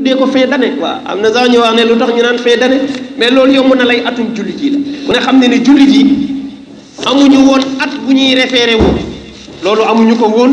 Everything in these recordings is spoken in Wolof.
tuddee ko fee dane waaw am na sax ñu wax ne lu tax ñu naan fee dane mais loolu yomb na lay atum jullit yi la ku ne xam ne ne jullit yi amuñu woon at bu ñuy référé woon loolu amuñu ko woon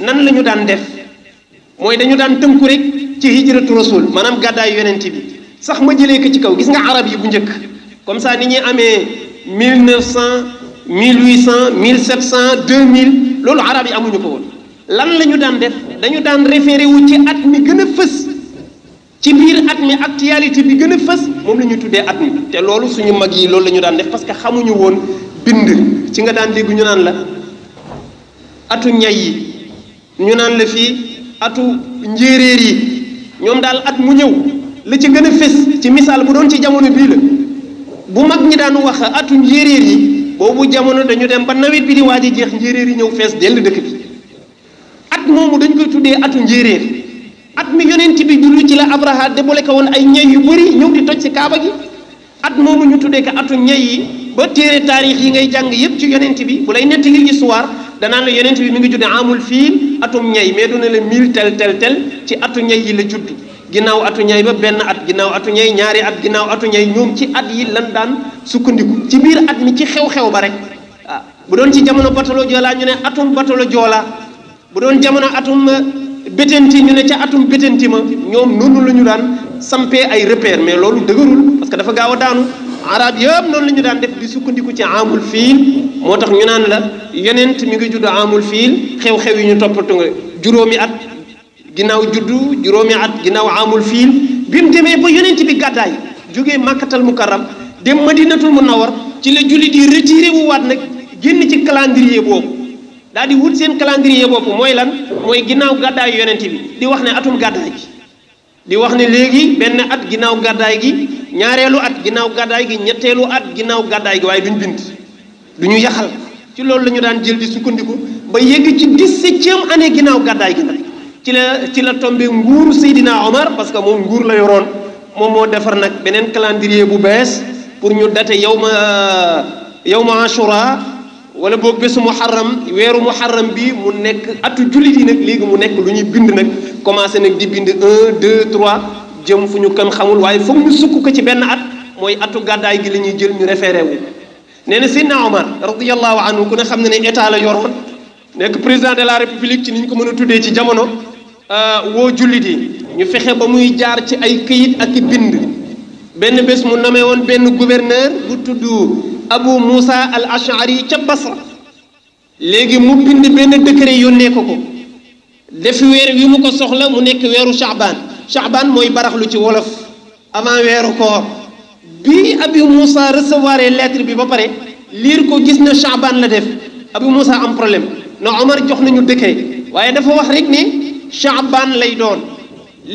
nan la ñu daan def mooy dañu daan tënku rek ci hijratu rasul maanaam gàddaayu yonent bi sax ma jëlee ko ci kaw gis nga arab yi bu njëkk comme ça ni ñuy amee mille neuf cent mille huit cent mille sept cent deux mille loolu arab yi amuñu ko woon lan la ñu daan def dañu daan référé ci at mi gën fës ci biir at mi actualité bi gën a fës moom la ñu tuddee at mi te loolu suñu mag yi loolu la ñu daan def parce que xamuñu woon bind ci nga daan dégg ñu naan la atu ñay yi ñu naan la fii atu njéeréer yi ñoom daal at mu ñëw la ci gën a fës ci misaal bu doon ci jamono bii la bu mag ñi daan wax atu njéeréer yi boobu jamono dañu dem ba nawet bi di waaj a jeex njéeréer yi ñëw fees dell dëkk bi at moomu dañ koy tuddee atu njéeréer at mi yonent bi julli ci la Abraha demale ko woon ay ñey yu bëri ñëw di toj si kaaba gi at moomu ñu tuddee ko atu ñey yi ba téere taarix yi ngay jàng yépp ci yonent bi bu lay nettali histoire danaan la yonent bi mi ngi judd amul fiil atum ñey mais duna la mille tel tel tel ci atu ñey yi la judd ginnaaw atu ñey ba benn at ginnaaw atu ñay ñaari at ginnaaw atu ñey ñoom ci at yi lan daan sukkandiku ci biir at mi ci xew-xew ba rek ah, bu doon ci jamono batalo joola ñu ne atum batalo joola bu doon jamono atum bétanti ñu ne ca atum bétanti ma ñoom noonu la ñu daan sampe ay repère mais loolu dëgërul parce que dafa gaaw a daanu arab yëpp noonu la ñu daan def di sukkandiku ci amul fiil moo tax ñu naan la yonent mu ngi judd amul fiil xew-xew yi ñu toppatu nga juróomi at ginnaaw juddu juróomi at ginnaaw amul fiil bi mu demee ba yonent bi gàddaay jógee màkkatal mukarram dem na war ci la jullit yi retiré wu waat nag génn ci calendrier boobu dal di wut seen calendrier bop moy lan moy ginnaw gadda yonenti bi di wax ne atum gadda gi di wax ne legi ben at ginnaw gadda gi ñaarelu at ginnaw gadda gi ñettelu at ginnaw gadda gi way duñ bint duñu yaxal ci loolu lañu daan jël di sukkandiku ba yegg ci 17e année ginnaw gadda gi nag ci la ci la tombé nguur sayidina Omar parce que mom nguur la yoron mom mo defar nak benen calendrier bu bes pour ñu daté yawma ma yau ma ashura wala boog bésu muharram weeru muharram bi mu nekk atu jullit yi nag léegi mu nekk lu ñuy bind nag commencé nag di bind un deux trois jëm fu ñu kan xamul waaye foog ñu sukk ko ci benn at mooy atu gàddaay gi la ñuy jël ñu référé wu nee na Seydina Omar radiyallahu anhu ku ne xam ne ne état la yoroon nekk président de la république ci ni ñu ko mën a tuddee ci jamono euh, woo jullit yi ñu fexe ba muy jaar ci ay këyit ak i bind benn bés mu namee woon benn gouverneur bu tudd abu moussa al ashari ca basra léegi mu bind benn décret yónnee ko ko def weer wi mu ko soxla mu nekk weeru chaabaan chaabaan mooy baraxlu ci wolof avant weeru koor bi abu musa recevoir lettre bi ba pare liir ko gis na chaabaan la def abu musa am problème na omar jox nañu décret waaye dafa wax rek ne chaabaan lay doon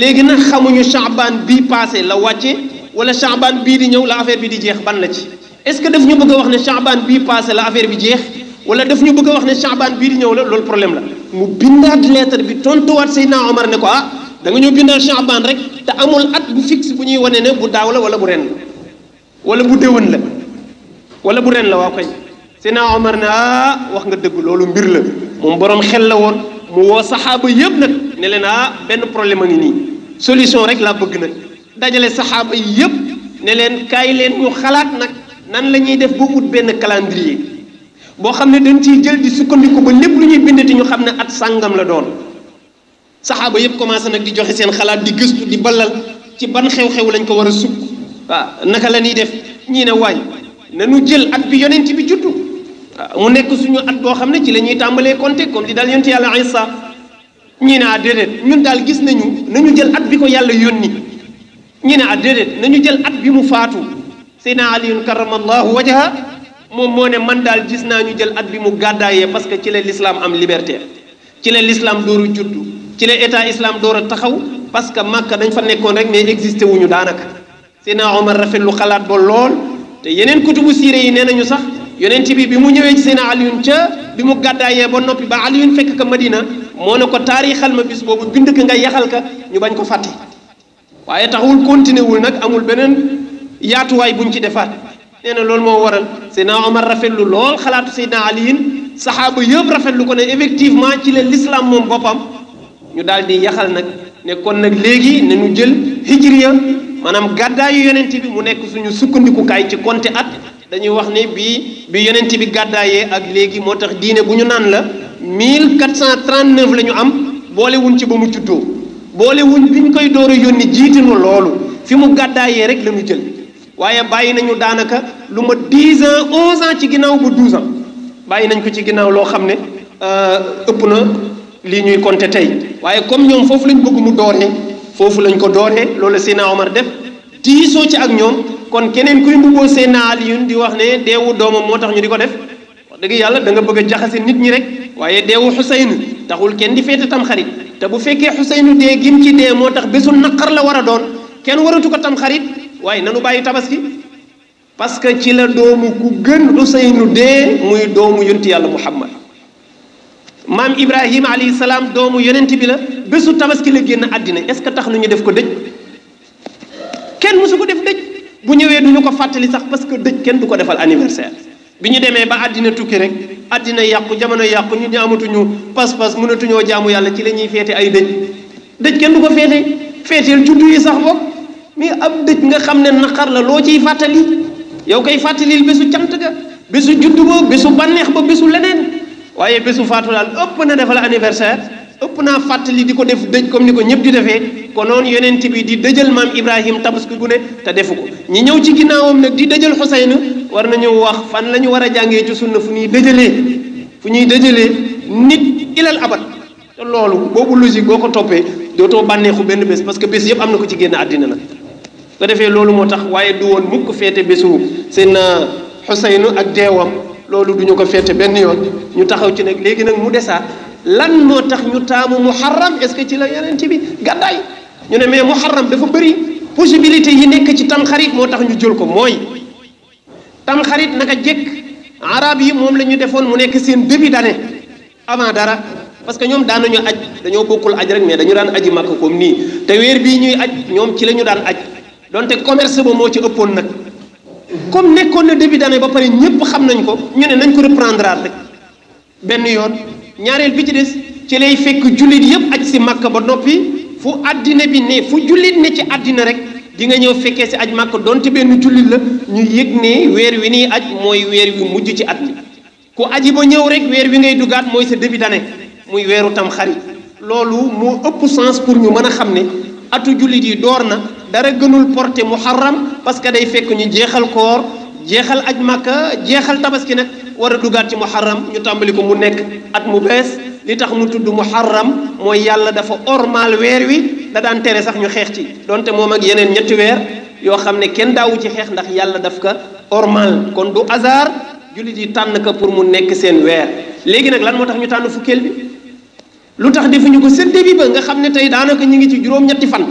léegi nag xamuñu chaabaan bii passé la wàcce wala chaabaan bii di ñëw la affaire bi di jeex ban la ci est-ce que daf ñu bëgg wax ne Chaabaan bii passé la affaire bi jeex wala daf ñu bëgg wax ne Chaabaan bii di ñëw la loolu problème la mu bindaat lettre bi tontuwaat Seydina Omar ne ko ah danga nga ñëw bindaat Chaabaan rek te amul at bu fixe bu ñuy wane ne bu daaw la wala bu ren wala bu déwén la wala bu ren la waa koy Seydina Omar ne ah wax nga dëgg loolu mbir la moom boroom xel la woon mu woo saxaaba yëpp nag ne leen ah benn problème a ngi nii solution rek laa bëgg nag dajale saxaaba yi yëpp ne leen kaay leen ñu xalaat nag. nan la ñuy def ba ut benn calendrier boo xam ne dañ ci jël di sukkandiku ba lépp lu ñuy bind bindati ñu xam ne at sàngam la doon saxaaba yëpp commencé nag di joxe seen xalaat di gëstu di ballal ci ban xew-xew lañ ko war a sukk waaw naka la ñuy def ñii ne waay nañu jël at bi yonent bi juddu mu nekk suñu at boo xam ne ci lañuy tàmbalee compter comme di daal yonent yàlla Isa ñii ne ah déedéet ñun daal gis nañu nañu jël at bi ko yàlla yónni ñii ne ah déedéet nañu jël at bi mu faatu. Seydina Aliyun karamallahu wajha moom moo ne man daal gis naa ñu jël at bi mu gàddaayee parce que ci la l'islam am liberté ci la l'islam dooru juddu ci la état islam door a taxaw parce que Màkka dañ fa nekkoon rek mais existé wuñu daanaka Seydina Omar rafetlu xalaat ba lool te yeneen kutubu siire yi nee nañu sax yonent bi bi mu ñëwee ci Seydina Aliyun ca bi mu gàddaayee ba noppi ba Aliyun fekk ka Madina moo ne ko taarixal ma bis boobu bind ka nga yaxal ka ñu bañ ko fàtte waaye taxawul continué wul nag amul beneen yaatuwaay bu ñu ci defaat nee na loolu moo waral Seydina Omar rafetlu lool xalaatu Seydina Aliyin saxaaba yëpp rafetlu ko ne effectivement ci la l'islam moom boppam ñu daal di yaxal nag ne kon nag léegi ne ñu jël hijriya maanaam gàddaayu yonent bi mu nekk suñu sukkandikukaay ci konte at dañuy wax ne bii bi yonent bi gàddaayee ak léegi moo tax diine bu ñu naan la 1439 la ñu am boolewuñ ci ba mu juddoo boolewuñ ñu koy door a yónni jiitinu loolu fi mu gàddaayee rek la ñu jël waaye bàyyi nañu daanaka lu ma 10 ans 11 ans ci ginnaaw bu 12 ans bàyyi nañ ko ci ginnaaw loo xam ne euh, ëpp na lii ñuy compter tey waaye comme ñoom foofu lañ bëgg mu dooree foofu lañ ko dooree loolu Seydina Omar def diisoo ci ak ñoom kon keneen kuy mbubboo Seydina Aliyun di wax ne deewu doomam moo tax ñu di ko def wax dëgg yàlla da nga bëgg a jaxase nit ñi rek waaye deewu Xuseyn taxul kenn di féete tam xarit te bu fekkee Xuseyn dee gim ci dee moo tax bésu naqar la war a doon kenn waratu ko tam waaye nanu bàyyi tabaski parce que ci la doomu ku gën Ousseynou dee muy doomu yonti yàlla Muhammad maam Ibrahima alayhi salaam doomu yonent bi la bésu tabaski la génn àddina est-ce que tax na ñu def ko dëj kenn mësu ko def dëj bu ñëwee duñu ko fàttali sax parce que dëj kenn du ko defal anniversaire bi ñu demee ba àddina tukki rek àddina yàqu jamono yàqu ñu amatuñu pas-pas mënatuñoo jaamu yàlla ci la ñuy feete ay dëj dëj kenn du ko feete feeteel juddu yi sax bokk mais ab dëj nga xam ne naqar la loo ciy fàttali yow koy fàttalil bésu cant ga bésu judd ba bésu bànneex ba bésu leneen waaye bésu faatu daal ëpp na defal anniversaire ëpp naa fàttali di ko def dëj comme ni ko ñëpp di defee ko noonu yeneen bi di dëjal maam Ibrahim tabaski gu ne te defu ko ñi ñëw ci ginnaawam nag di dëjal Xuseyna war na nañu wax fan la ñu war a jàngee ci na fu ñuy dëjalee fu ñuy dëjalee nit ilal abat te loolu boobu logique boo ko toppee dootoo bànneexu benn bés parce que bés yëpp am na ko ci génn àddina nag su defee loolu moo tax waaye du woon mukk féete bésu seen xuseynu ak deewam loolu duñu ko féete benn yoon ñu taxaw ci nag léegi nag mu desaat lan moo tax ñu taamu muharram est-ce que ci la yonent bi gàddaay ñu ne mais muharram dafa bëri possibilité yi nekk ci tamxarit moo tax ñu jël ko mooy tamxarit naka jekk arab yi moom la ñu defoon mu nekk seen début d'année avant dara parce que ñoom daan nañu aj dañoo bokkul aj rek mais dañu daan aji màkk comme nii te weer bii ñuy aj ñoom ci la ñu daan aj donte commerce ba moo ci ëppoon nag comme nekkoon na début d'année ba pare nous xam nañ ko ñu ne nañ ko reprendre rek benn yoon ñaareel bi ci des ci lay fekk jullit yëpp aj si màkk ba noppi fu àddina bi ne fu jullit ne ci àddina rek di nga si aj màkk donte benn jullit la ñu yëg ne weer wi nii aj mooy weer wi mujj ci at ku aji ba ñëw rek weer wi ngay mooy sa début d'année muy nous tam xarit sens pour ñu mën a ne atu yi dara gënul porté muharram parce que day fekk ñu jeexal koor jeexal aj makka jeexal tabaski nag war a dugaat ci muharram ñu tàmbali ko mu nekk at mu bees li tax mu tudd muharram mooy yàlla dafa ormaal weer wi da daan tere sax ñu xeex ci donte moom ak yeneen ñetti weer yoo xam ne kenn daawu ci xeex ndax yàlla daf ka ormaal kon du hasard jullit yi tànn ko pour mu nekk seen weer léegi nag lan moo tax ñu tànn fukkeel bi lu tax defuñu ko sedd bi ba nga xam ne tey daanaka ñu ngi ci juróom fan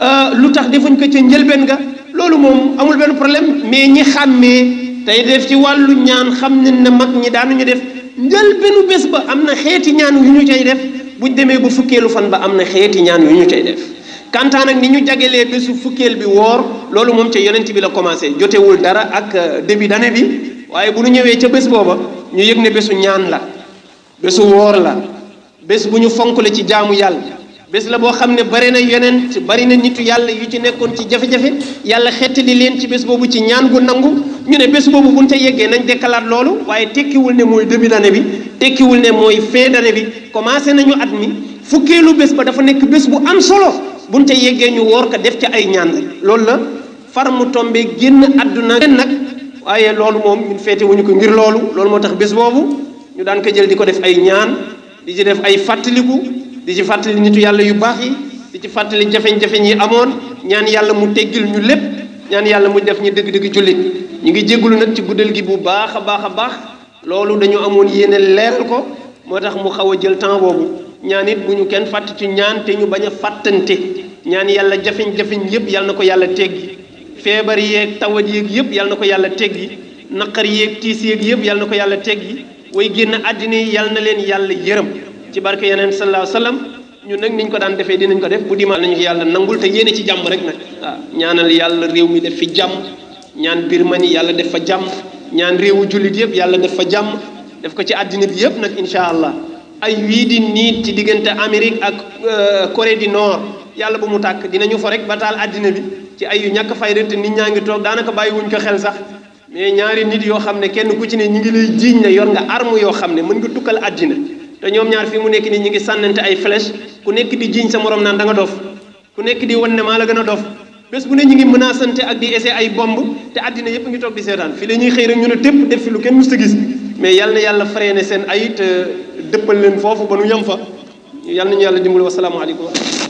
Euh, lu tax defuñ ko ca njëlbeen nga loolu moom amul benn problème mais ñi xàmmee tey def ci wàllu ñaan xam nañ ne mag ñi daanuñu def njëlbeenu bés ba am na xeeti ñaan yu ñu cay def buñ demee ba fukkeelu fan ba am na xeeti ñaan yu ñu cay def kantaan ni ñu jagelee bésu fukkeel bi woor loolu moom ca yonent bi la commencé jotewul dara ak euh, début d'année bi waaye bu ñu ñëwee ca bés booba ñu yëg ne bésu ñaan la bésu woor la bés bu ñu fonk la ci jaamu yàlla bés la boo xam ne bari na yonent bari na nitu yàlla yu ci nekkoon ci jafe-jafe yàlla li leen ci bés boobu ci ñaan gu nangu ñu ne bés boobu buñ ca yeggee nañ dekkalaat loolu waaye tekkiwul ne mooy début d'année bi tekkiwul ne mooy fin bi commencé nañu at mi fukkeelu bés ba dafa nekk bés bu am solo buñ ca yeggee ñu woor ko def ca ay ñaan rek loolu la far mu tombe génn àdduna ren nag waaye loolu moom ñun feete wuñu ko ngir loolu loolu moo tax bés boobu ñu daan ko jël di ko def ay ñaan di ci def ay fàttaliku di ci fàttali nitu yàlla yu baax yi di ci fàttali jafeñ-jafeñ yi amoon ñaan yàlla mu teggil ñu lépp ñaan yàlla mu def ñu dëgg-dëgg jullit ñu ngi jégalu nag ci guddal gi bu baax a baax a baax loolu dañu amoon yéene leeral ko moo tax mu xaw a jël temps boobu ñaan it bu ñu kenn fàtt ci ñaan te ñu bañ a fàttante ñaan yàlla jafeñ-jafeñ yëpp yàlla na ko yàlla teggi feebar yeeg tawat yeeg yëpp yàlla na ko yàlla teggi naqar yeeg tiis yeeg yëpp yàlla na ko yàlla teggi way génn àddina yi yàlla na leen yàlla yërëm ci barke yeneen sallallahu alayhi wa sallam ñun nag niñ ko daan defee dinañ ko def bu dimal nañu yàlla nangul te yéene ci jàmm rek nag waaw ñaanal yàlla réew mi def fi jàmm ñaan Birmanie yàlla def fa jàmm ñaan réewu jullit yëpp yàlla def fa jàmm def ko ci àddina bi yëpp nag incha allah ay wii di niit ci diggante Amérique ak euh, Corée di Nord yàlla ba mu tàkk dinañu fa rek ba taal àddina bi ci ay yu ñàkk fayda te nit ñaa ngi toog daanaka wuñ ko xel sax mais ñaari nit yoo xam ne kenn ku ci ne ñu ngi lay jiiñ ne yor nga arme yoo xam ne mën nga tukkal àddina te ñoom ñaar fii mu nekk nii ñu ngi sànnante ay flèche ku nekk di jiiñ sa morom naan danga nga dof ku nekk di wan ne maa la gën a dof bés bu ne ñu ngi menacante ak di essayer ay bomb te àddina yëpp ngi toog di seetaan fii la ñuy xëy rek ñu ne tépp def lu kenn mus a gis mais yal na yàlla freiné seen ay te dëppal leen foofu ba nu yem fa yal ñu yàlla dimbali wasalaamualeykum